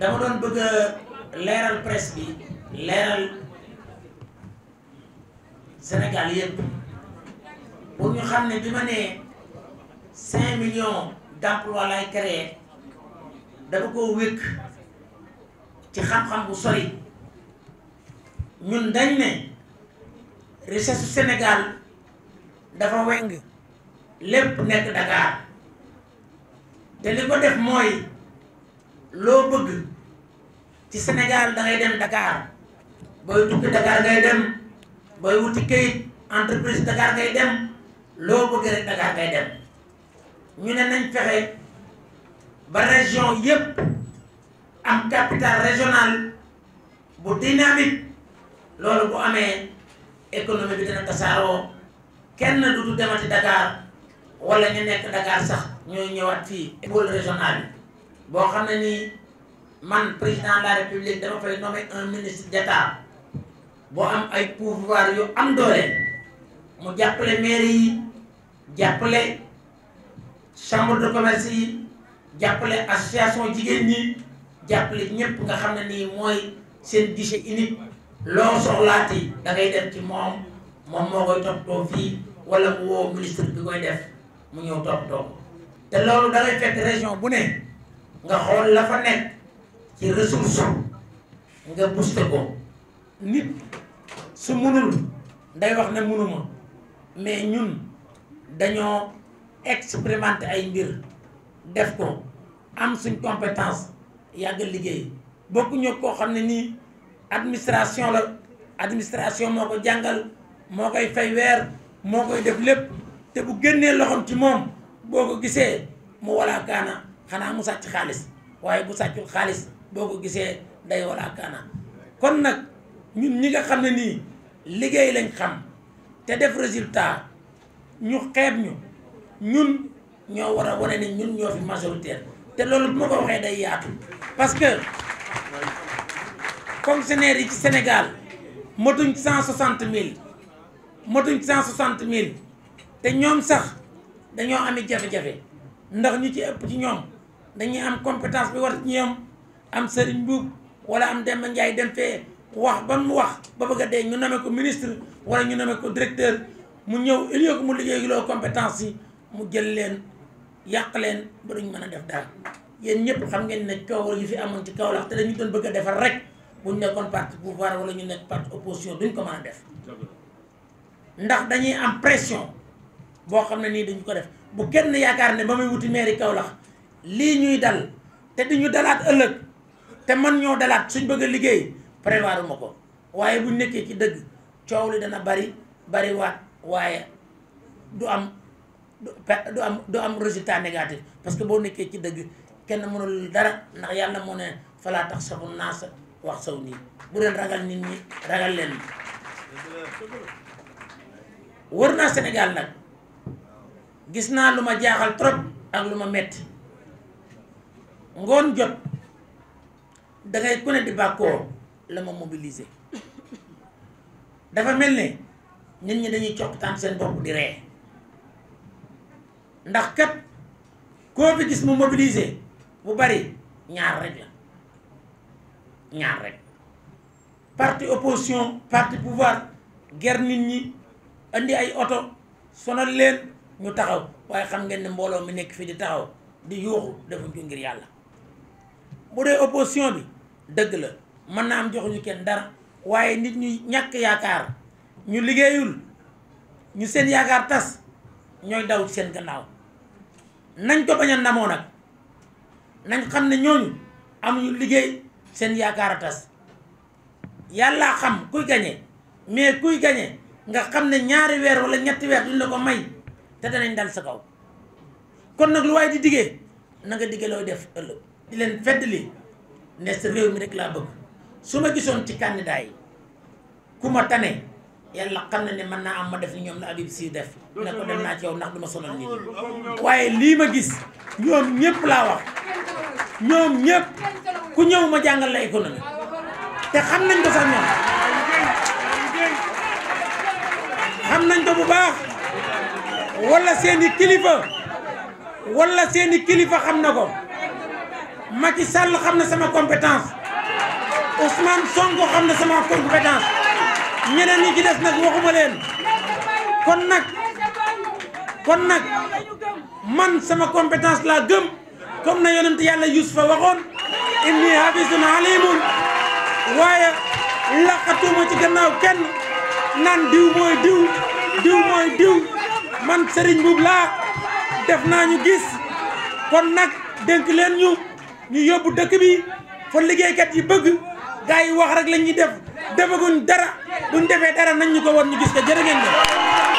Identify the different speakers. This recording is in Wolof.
Speaker 1: dama doon bëgg a leeral presse bi leeral Sénégal yëpp pour ñu xam ne bi ma nee cinq millions d'emplois lay créer dafa koo wékk ci xam-xam bu sori ñun dañ ne richesse su Sénégal dafa weng lépp nekk Dakar te li ko def mooy loo bëgg ci Sénégal da dem Dakar booy tukki Dakar ngay dem booy wuti këyit entreprise Dakar ngay dem loo bëgg rek Dakar ngay dem ñu ne nañ fexe ba région yépp am capital régional bu dynamique loolu bu amee économie bi dina tasaaroo kenn du du demati Dakar wala ñu nekk Dakar sax ñooy ñëwaat fii pôle régional boo xam ne nii man président de la république dama fay nommer un ministre d'état boo am ay pouvoir yu am doole mu jàppale mairie yi jàppale chambre de commerce yi jàppale association jigéen ñi jàppale ñëpp nga xam ne nii mooy seen guichet unique loo soxlaati da ngay dem ci moom moom moo koy toppatoo fii wala mu woo ministre bi koy def mu ñëw toppatoo ko te loolu da fekk région bu ne. nga xool la fa nekk ci ressource nga booster ko nit su mënul day wax ne mënuma mais ñun dañoo expérimenter ay ngir def ko am suñ compétence yàgg liggéey bokkuñu koo xam ne nii administration la administration moo ko jàngal moo koy fay weer moo koy def lépp te bu génnee loxoom ci moom boo ko gisee mu walaa kaana xanaa mu sàcc xaalis waaye bu sàccul xaalis boo ko gisee nday wala kaana kon nag ñun ñi nga xam ne nii liggéey lañ xam te def résultat ñu xeeb ñu ñun ñoo war a wane ne ñun ñoo fi majoritaire te loolu bu ma ko waxee day yaatu parce que fonctionnaires yi ci Sénégal matuñ cent soixante mille matuñ cent soixante mille te ñoom sax dañoo ami jafe-jafe ndax ñu ci ëpp ci ñoom dañuy am compétence bi war ci am Serigne Mbuub wala am Demba Ndiaye dem fee wax ba mu wax ba bëgg a dee ñu nommé ko ministre wala ñu nommé ko directeur mu ñëw il faut que mu liggéey loo compétence yi mu jël leen yàq leen ba duñ mën a def dara yéen ñëpp xam ngeen ne coowal yi fi amoon ci Kaolack te dañuy doon bëgg a defar rek buñ nekkoon parti pouvoir wala ñu nekk parti opposition duñ ko mën a def ndax dañuy am pression boo xam ne nii dañu ko def bu kenn yaakaar ne ba muy wuti mairie Kaolack lii ñuy dal te di ñu dalaat ëllëg te man ñoo dalaat suñ bëgg a liggéey prévoir ma ko waaye buñ nekkee ci dëgg coow li dana bari bari waaye du am du am du am résultat négatif parce que boo nekkee ci dëgg kenn mënul dara ndax yàlla moo ne falaa tax naa naasa wax saw nii bu leen ragal nit ñi ragal leen wër naa Sénégal nag gis naa lu ma jaaxal trop ak lu ma metti ngoon jot dangay ku ne di bàkkoo la ma mobiliser dafa mel ni nit ñi dañuy coppataan seen bopp di ree ndax kat koo fi gis mu mobiliser bu bari ñaar rek la ñaar rek parti opposition parti pouvoir ger nit ñi andi ay oto sonal leen ñu taxaw waaye xam ngeen ne mbooloo mu nekk fii di taxaw di yuuxu defuñ ko ngir yàlla bu dee opposition bi dëgg la mën naa am joxuñu kenn dara waaye nit ñu ñàkk yaakaar ñu liggéeyul ñu seen yaakaar tas ñooy daw seen gannaaw nañ ko bañ a namoo nag nañ xam ne ñooñu amuñu liggéey seen yaakaar a tas yàllaa xam kuy gañe mais kuy gañe nga xam ne ñaari weer walla ñetti weer duñ la ko may te danañ dal sa kaw kon nag lu waaye di diggee na nga digge looy def ëllëg di leen feddali ne sa réew mi rek laa bëgg su ma gisoon ci candidat yi ku ma tane yàlla xam na ne mën naa am ma def ni ñoom la Habib Sy def ne ko dem naa ci yow ndax du ma sonal nit waaye lii ma gis ñoom ñëpp laa wax ñoom ñëpp ku ñëw ma jàngal la économie te xam nañ ko sax ñoom xam nañ ko bu baax wala seeni kilifa wala seeni kilifa xam na ko Macky Sall xam na sama compétence Ousmane Sonko xam na sama compétence ñeneen ñi ci des nag waxuma kon nag kon nag man sama compétence laa gëm comme na yonent yàlla Yusufa waxoon inni hafizun alimun waaye laqatuma ci gannaaw kenn naan diw mooy diw diw mooy diw man Serigne Mboup laa def naa ñu gis kon nag dénk leen ñu ñu yóbbu dëkk bi fa liggéeykat yi bëgg gars yi wax rek la ñuy def defaguñ dara buñ defee dara nañ ñu ko war ñu gis ko jërë ngeen